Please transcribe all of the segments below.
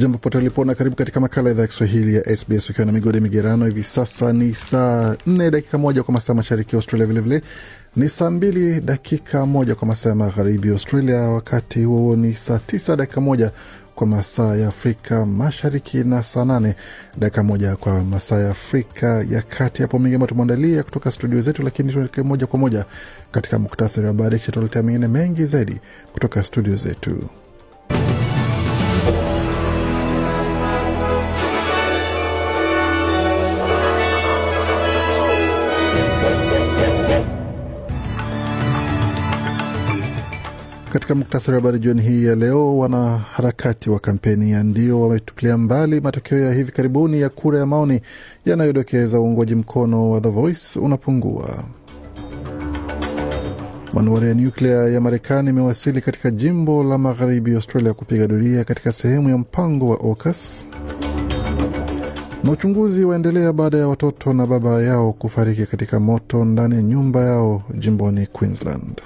Jambo pote ulipona, karibu katika makala ya idhaa ya Kiswahili ya SBS ukiwa na migodi migerano. Hivi sasa ni saa nne dakika moja kwa masaa mashariki ya Australia, vilevile ni saa mbili dakika moja kwa masaa ya magharibi ya Australia. Wakati huo ni saa tisa dakika moja kwa masaa ya Afrika Mashariki na saa nane dakika moja kwa masaa ya Afrika ya Kati. Hapo mengi ambayo tumeandalia kutoka studio zetu, lakini tuelekee moja kwa moja katika muktasari wa habari, kisha tutaletea mengine mengi zaidi kutoka studio zetu. Katika muktasari wa habari jioni hii ya leo, wanaharakati wa kampeni ya ndio wametupilia mbali matokeo ya hivi karibuni ya kura ya maoni yanayodokeza uungwaji mkono wa The Voice unapungua. Manuari ya nyuklia ya Marekani imewasili katika jimbo la magharibi Australia kupiga doria katika sehemu ya mpango wa AUKUS. Na uchunguzi waendelea baada ya watoto na baba yao kufariki katika moto ndani ya nyumba yao jimboni Queensland.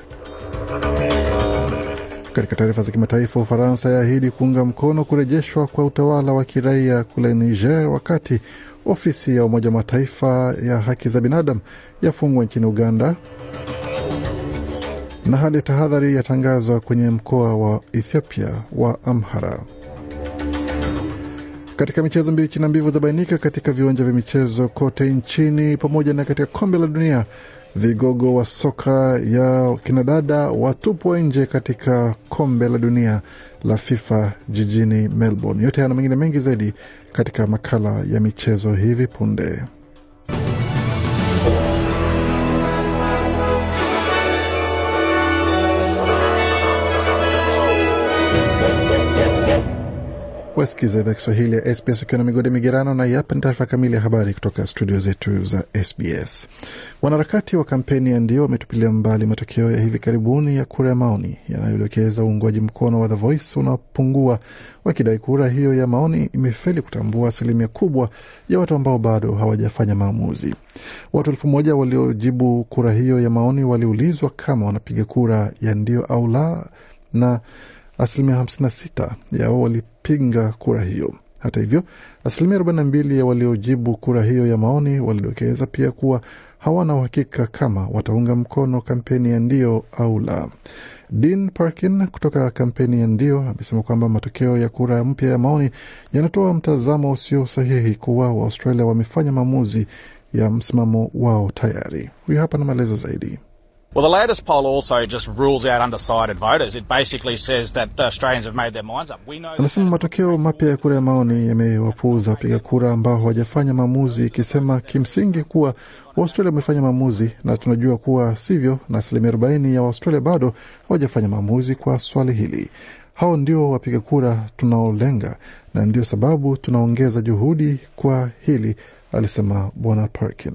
Katika taarifa za kimataifa, Ufaransa yaahidi kuunga mkono kurejeshwa kwa utawala wa kiraia kule Niger, wakati ofisi ya Umoja wa Mataifa ya haki za binadamu yafungwa nchini Uganda, na hali ya tahadhari yatangazwa kwenye mkoa wa Ethiopia wa Amhara. Katika michezo, mbichi na mbivu zabainika katika viwanja vya michezo kote nchini pamoja na katika kombe la dunia Vigogo wa soka ya kinadada watupwa nje katika kombe la dunia la FIFA jijini Melbourne. Yote yana mengine mengi zaidi katika makala ya michezo hivi punde. Wasikiza idhaa Kiswahili ya SBS ukiwa na migode migerano, na hapa ni taarifa kamili ya habari kutoka studio zetu za SBS. Wanaharakati wa kampeni ya Ndio wametupilia mbali matokeo ya hivi karibuni ya kura ya maoni yanayodokeza uungwaji mkono wa The Voice unapungua, wakidai kura hiyo ya maoni imefeli kutambua asilimia kubwa ya watu ambao bado hawajafanya maamuzi. Watu elfu moja waliojibu kura hiyo ya maoni waliulizwa kama wanapiga kura ya ndio au la, na asilimia 56 yao wali kupinga kura hiyo. Hata hivyo, asilimia 42 ya waliojibu kura hiyo ya maoni walidokeza pia kuwa hawana uhakika kama wataunga mkono kampeni ya ndio au la. Dean Parkin kutoka kampeni ya ndio amesema kwamba matokeo ya kura mpya ya maoni yanatoa mtazamo usio sahihi kuwa Waaustralia wamefanya maamuzi ya msimamo wao tayari. Huyu hapa na maelezo zaidi. Well, the latest poll also just rules out undecided voters. It basically says that Australians have made their minds up. We know anasema matokeo mapya ya kura ya maoni yamewapuuza wapiga kura ambao hawajafanya maamuzi, ikisema kimsingi kuwa Waustralia wamefanya maamuzi na tunajua kuwa sivyo, na asilimia arobaini ya Waustralia bado hawajafanya maamuzi kwa swali hili. Hao ndio wapiga kura tunaolenga na ndio sababu tunaongeza juhudi kwa hili, alisema Bwana Parkin.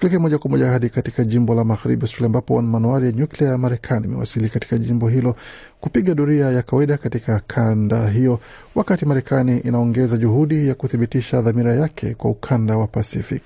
Tuelekee moja kwa moja hadi katika jimbo la magharibi Australia, ambapo manuari ya nyuklia ya Marekani imewasili katika jimbo hilo kupiga doria ya kawaida katika kanda hiyo, wakati Marekani inaongeza juhudi ya kuthibitisha dhamira yake kwa ukanda wa Pacific.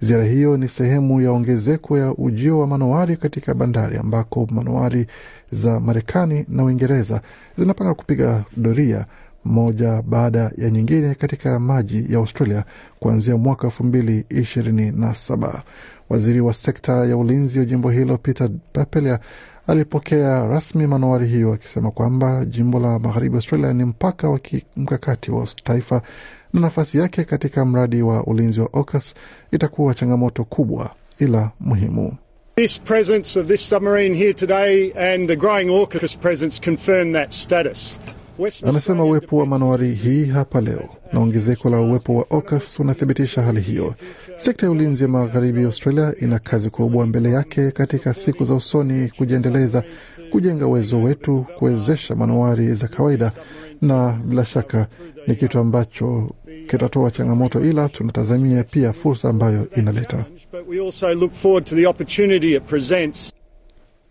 Ziara hiyo ni sehemu ya ongezeko ya ujio wa manuari katika bandari ambako manuari za Marekani na Uingereza zinapanga kupiga doria moja baada ya nyingine katika maji ya Australia kuanzia mwaka elfu mbili ishirini na saba. Waziri wa sekta ya ulinzi wa jimbo hilo Peter Papelia alipokea rasmi manowari hiyo akisema kwamba jimbo la magharibi Australia ni mpaka wa kimkakati wa taifa na nafasi yake katika mradi wa ulinzi wa AUKUS itakuwa changamoto kubwa ila muhimu. This presence of this submarine here today and the growing AUKUS presence confirm that status. Anasema uwepo wa manowari hii hapa leo na ongezeko la uwepo wa AUKUS unathibitisha hali hiyo. Sekta ya ulinzi ya magharibi ya Australia ina kazi kubwa mbele yake katika siku za usoni, kujiendeleza, kujenga uwezo wetu, kuwezesha manowari za kawaida, na bila shaka ni kitu ambacho kitatoa changamoto, ila tunatazamia pia fursa ambayo inaleta.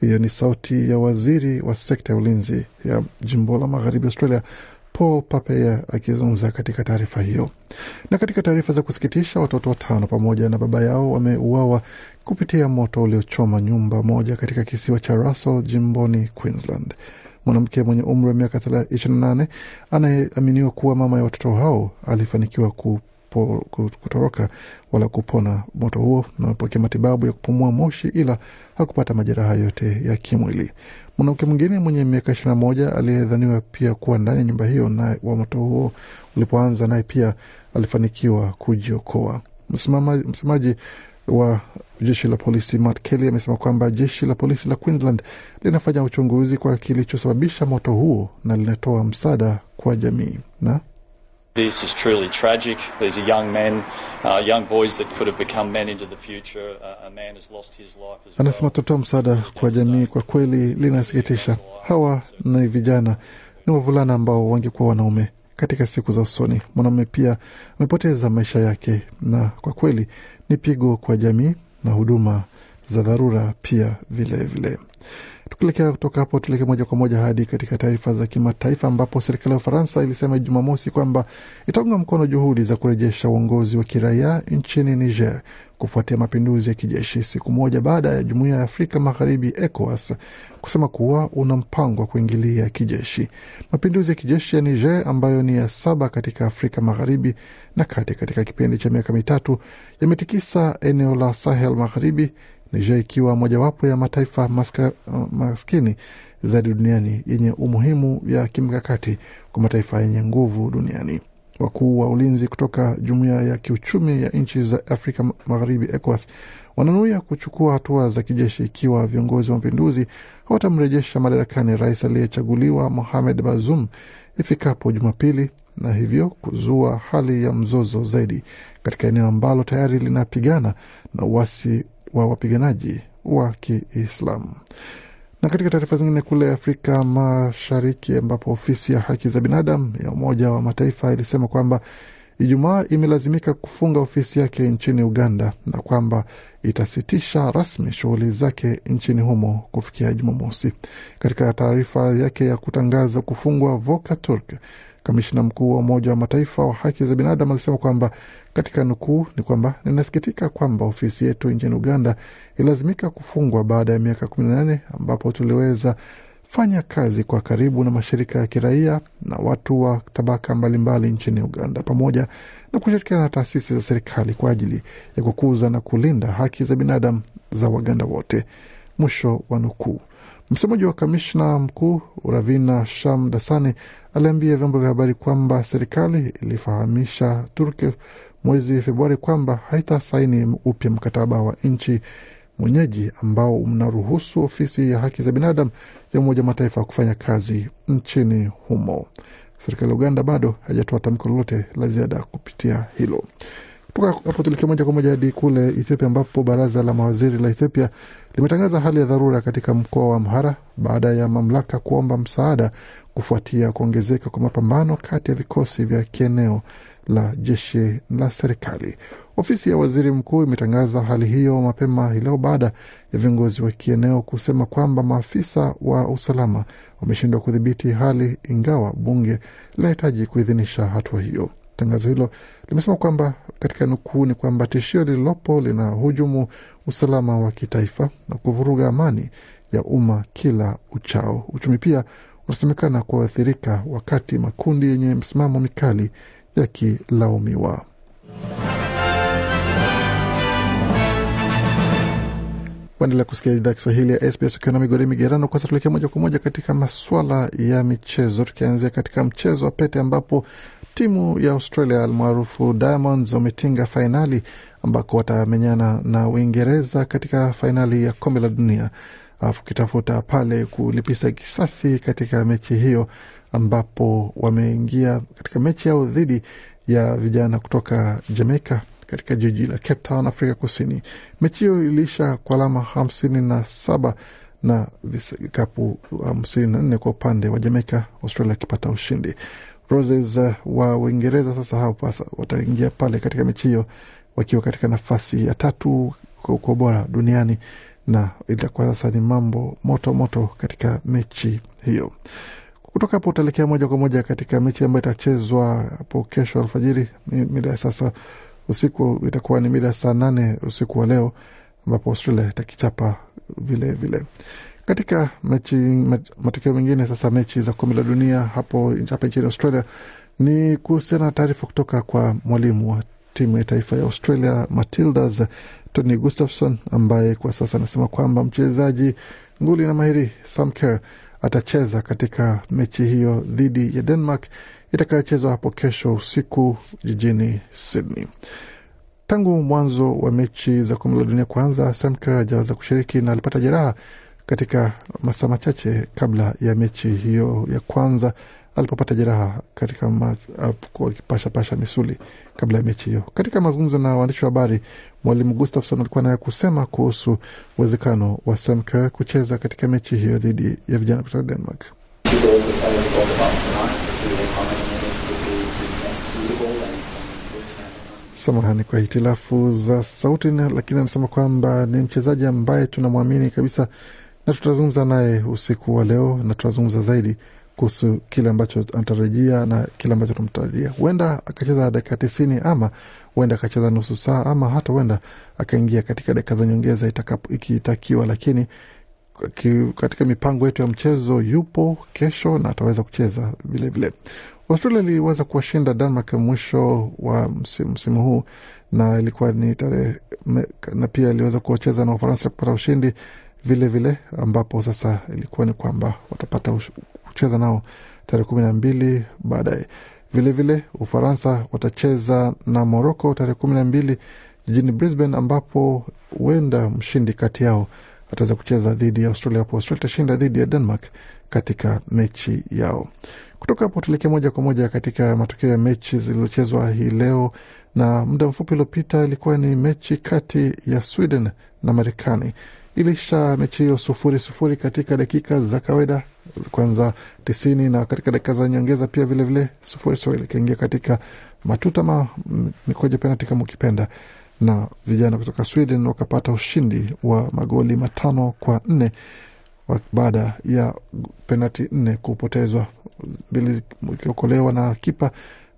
Hiyo ni sauti ya waziri wa sekta ya ulinzi ya jimbo la magharibi Australia, Paul Papea akizungumza katika taarifa hiyo. Na katika taarifa za kusikitisha, watoto watano pamoja na baba yao wameuawa kupitia moto uliochoma nyumba moja katika kisiwa cha Russell jimboni Queensland. Mwanamke mwenye umri wa miaka 28 anayeaminiwa kuwa mama ya watoto hao alifanikiwa ku kutoroka wala kupona moto huo, na amepokea matibabu ya kupumua moshi, ila hakupata majeraha yote ya kimwili. Mwanamke mwingine mwenye miaka ishirini na moja aliyedhaniwa pia kuwa ndani ya nyumba hiyo na wa moto huo ulipoanza, naye pia alifanikiwa kujiokoa. Msemaji wa jeshi la polisi Matt Kelly amesema kwamba jeshi la polisi la Queensland linafanya uchunguzi kwa kilichosababisha moto huo na linatoa msaada kwa jamii na This is truly tragic. These are young men, uh, young boys that could have become men into the future. Uh, a man has lost his life as well. Anasema tutoa msaada kwa jamii, kwa kweli linasikitisha. Hawa ni vijana, ni wavulana ambao wangekuwa wanaume katika siku za usoni. Mwanaume pia amepoteza maisha yake, na kwa kweli ni pigo kwa jamii na huduma za dharura pia vilevile vile. Tukielekea kutoka hapo, tuelekee moja kwa moja hadi katika taarifa za kimataifa, ambapo serikali ya Ufaransa ilisema Jumamosi kwamba itaunga mkono juhudi za kurejesha uongozi wa kiraia nchini Niger kufuatia mapinduzi ya kijeshi, siku moja baada ya jumuiya ya Afrika Magharibi ECOWAS kusema kuwa una mpango wa kuingilia kijeshi mapinduzi ya kijeshi ya Niger ambayo ni ya saba katika Afrika Magharibi na kati katika kipindi cha miaka mitatu yametikisa eneo la Sahel Magharibi Niger ikiwa mojawapo ya mataifa maska, maskini zaidi duniani yenye umuhimu ya kimkakati kwa mataifa yenye nguvu duniani. Wakuu wa ulinzi kutoka Jumuiya ya Kiuchumi ya Nchi za Afrika Magharibi, ECOWAS, wananuia kuchukua hatua za kijeshi ikiwa viongozi wa mapinduzi hawatamrejesha madarakani rais aliyechaguliwa Mohamed Bazoum ifikapo Jumapili, na hivyo kuzua hali ya mzozo zaidi katika eneo ambalo tayari linapigana na uasi wa wapiganaji wa Kiislamu. Na katika taarifa zingine, kule Afrika Mashariki ambapo ofisi ya haki za binadamu ya Umoja wa Mataifa ilisema kwamba Ijumaa imelazimika kufunga ofisi yake nchini Uganda na kwamba itasitisha rasmi shughuli zake nchini humo kufikia Jumamosi. Katika taarifa yake ya kutangaza kufungwa Voka Turk, kamishna mkuu wa Umoja wa Mataifa wa haki za binadamu alisema kwamba katika nukuu, ni kwamba ninasikitika kwamba ofisi yetu nchini Uganda ilazimika kufungwa baada ya miaka 18 ambapo tuliweza fanya kazi kwa karibu na mashirika ya kiraia na watu wa tabaka mbalimbali mbali nchini Uganda, pamoja na kushirikiana na taasisi za serikali kwa ajili ya kukuza na kulinda haki za binadamu za Waganda wote. Mwisho wa nukuu. Msemaji wa kamishna mkuu Ravina dasani aliambia vyombo vya habari kwamba serikali ilifahamisha Turki mwezi Februari kwamba haitasaini upya mkataba wa nchi mwenyeji ambao unaruhusu ofisi ya haki za binadamu ya Umoja Mataifa kufanya kazi nchini humo. Serikali ya Uganda bado haijatoa tamko lolote la ziada kupitia hilo. Kutoka hapo tuelekea moja kwa moja hadi kule Ethiopia, ambapo baraza la mawaziri la Ethiopia limetangaza hali ya dharura katika mkoa wa Amhara baada ya mamlaka kuomba msaada kufuatia kuongezeka kwa mapambano kati ya vikosi vya kieneo la jeshi la serikali. Ofisi ya waziri mkuu imetangaza hali hiyo mapema hii leo baada ya viongozi wa kieneo kusema kwamba maafisa wa usalama wameshindwa kudhibiti hali, ingawa bunge linahitaji kuidhinisha hatua hiyo. Tangazo hilo limesema kwamba katika nukuu ni kwamba tishio lililopo lina hujumu usalama wa kitaifa na kuvuruga amani ya umma kila uchao. Uchumi pia unasemekana kuathirika wakati makundi yenye msimamo mikali yakilaumiwa. Waendelea kusikia idhaa Kiswahili ya SBS ukiwa na migodi migerano. Kwanza tuelekea moja kwa moja katika maswala ya michezo, tukianzia katika mchezo wa pete ambapo Timu ya Australia almaarufu Diamonds wametinga fainali ambako watamenyana na Uingereza katika fainali ya kombe la dunia, alafu kitafuta pale kulipisa kisasi katika mechi hiyo, ambapo wameingia katika mechi yao dhidi ya vijana kutoka Jamaica katika jiji la Cape Town, Afrika Kusini. Mechi hiyo iliisha kwa alama hamsini na saba na vikapu hamsini na nne kwa upande wa Jamaica, Australia akipata ushindi. Roses eh, wa Uingereza sasa hao pasa wataingia pale katika mechi hiyo wakiwa katika nafasi ya tatu kwa ubora duniani, na itakuwa sasa ni mambo moto moto katika mechi hiyo. Kutoka hapo utaelekea moja kwa moja katika mechi ambayo itachezwa hapo kesho alfajiri, mida ya sasa usiku itakuwa ni mida saa nane usiku wa leo, ambapo Australia itakichapa vilevile vile. Katika mechi matokeo mengine, sasa mechi za kombe la dunia hapo hapa nchini Australia ni kuhusiana na taarifa kutoka kwa mwalimu wa timu ya taifa ya Australia Matildas, Tony Gustafson, ambaye kwa sasa anasema kwamba mchezaji nguli na mahiri samker atacheza katika mechi hiyo dhidi ya Denmark itakayochezwa hapo kesho usiku jijini Sydney. Tangu mwanzo wa mechi za kombe la dunia kwanza samker ajaweza kushiriki na alipata jeraha katika masaa machache kabla ya mechi hiyo ya kwanza alipopata jeraha katika alipokuwa akipashapasha misuli kabla ya mechi hiyo. Katika mazungumzo na waandishi wa habari, mwalimu gustafson alikuwa naye kusema kuhusu uwezekano wa smk kucheza katika mechi hiyo dhidi ya vijana kutoka Denmark. Samahani kwa hitilafu za sauti, lakini anasema kwamba ni mchezaji ambaye tunamwamini kabisa na tutazungumza naye usiku wa leo, na tutazungumza zaidi kuhusu kile ambacho anatarajia na kile ambacho tunamtarajia. Huenda akacheza dakika tisini ama huenda akacheza nusu saa ama hata huenda akaingia katika dakika za nyongeza ikitakiwa, lakini katika mipango yetu ya mchezo yupo kesho na ataweza kucheza vilevile. Australia iliweza kuwashinda Denmark mwisho wa msimu, msim huu na ilikuwa ni tarehe na pia aliweza kuwacheza na Ufaransa kupata ushindi vile vile, ambapo sasa ilikuwa ni kwamba watapata kucheza nao tarehe kumi na mbili baadaye. Vile vile Ufaransa watacheza na Moroko tarehe kumi na mbili jijini Brisbane, ambapo huenda mshindi kati yao ataweza kucheza dhidi ya Australia hapo Australia itashinda dhidi ya Denmark katika mechi yao. Kutoka hapo tuelekee moja kwa moja katika matokeo ya mechi zilizochezwa hii leo, na muda mfupi uliopita ilikuwa ni mechi kati ya Sweden na Marekani ilisha mechi hiyo sufuri sufuri katika dakika za kawaida kwanza tisini na katika dakika za nyongeza pia vilevile sufuri sufuri likaingia katika matuta ma mikoja penati kama ukipenda na vijana kutoka Sweden wakapata ushindi wa magoli matano kwa nne baada ya penati nne kupotezwa, mbili ikiokolewa na kipa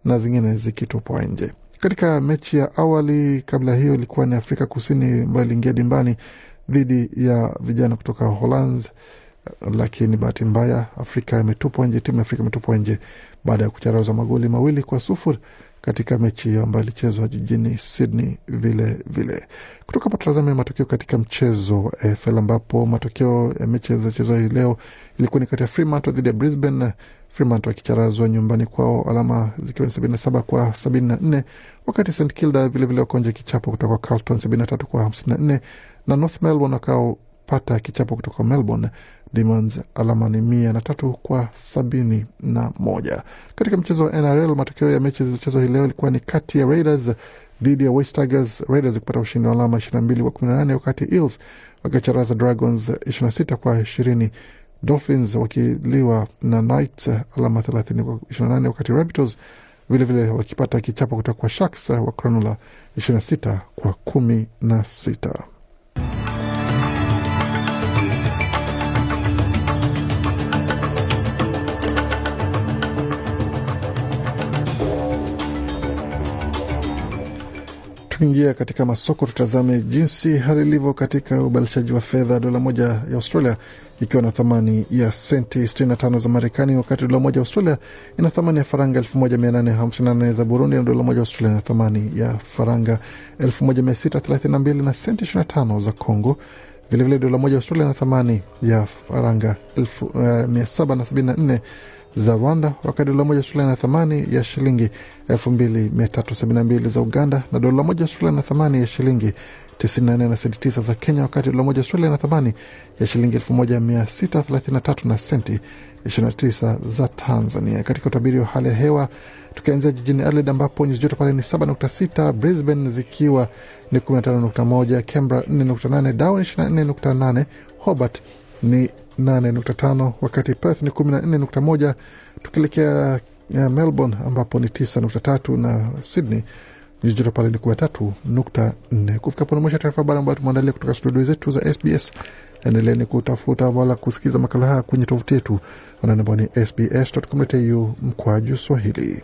na zingine zikitupwa nje. Katika mechi ya awali kabla hiyo ilikuwa ni Afrika Kusini ambayo iliingia dimbani dhidi ya vijana kutoka Holanzi, lakini bahati mbaya Afrika imetupwa nje, timu ya Afrika imetupwa nje baada ya kucharaza magoli mawili kwa sufuri katika mechi hiyo ambayo ilichezwa jijini Sydney. Vile vile kutoka hapa tutazame matokeo katika mchezo wa AFL ambapo matokeo ya mechi zilizochezwa hii leo ilikuwa ni kati ya Fremantle dhidi ya Brisbane, Fremantle wakicharazwa nyumbani kwao alama zikiwa ni sabini na saba kwa sabini na nne wakati St Kilda vilevile wako nje kichapo kutoka kwa Carlton sabini na tatu kwa hamsini na nne na North Melbourne akaopata kichapo kutoka Melbourne Demons alama ni mia na tatu kwa sabini na moja. Katika mchezo wa NRL, matokeo ya mechi zilizochezwa hii leo ilikuwa ni kati ya Raiders dhidi ya West Tigers, Raiders kupata ushindi wa alama 22 kwa 18, wakati Eels wakicharaza Dragons 26 kwa 20, Dolphins wakiliwa na Knights alama 30 kwa 28, wakati Rabbitohs vilevile wakipata kichapo kutoka kwa Sharks wa Cronulla 26 kwa 16. Tukiingia katika masoko, tutazame jinsi hali ilivyo katika ubadilishaji wa fedha. Dola moja ya Australia ikiwa na thamani ya senti 65 za Marekani, wakati dola moja ya Australia ina thamani ya faranga 1854 za Burundi, na dola moja ya Australia ina thamani ya faranga 1632 na senti 25 za Congo. Vilevile dola moja ya Australia ina thamani ya faranga 1774 za Rwanda, wakati dola moja Australia na thamani ya shilingi 2372 za Uganda na dola moja Australia na thamani ya shilingi 94 na senti tisa za Kenya, wakati dola moja Australia na thamani ya shilingi 1633 na senti 29 za Tanzania. Katika utabiri wa hali ya hewa tukianzia jijini Adelaide ambapo nyuzi joto pale ni 7.6, Brisbane zikiwa ni 15.1, Canberra 4.8, Darwin 24.8, Hobart ni 8.5 wakati Perth ni 14.1 tukielekea eh, Melbourne ambapo ni 9.3 na Sydney jijoto pale ni 13.4. Kufika hapo namwisha taarifa habari ambayo tumeandalia kutoka studio zetu za SBS. Endeleeni kutafuta wala kusikiza makala haya kwenye tovuti yetu ambao ni sbs.com.au mkwaju Swahili.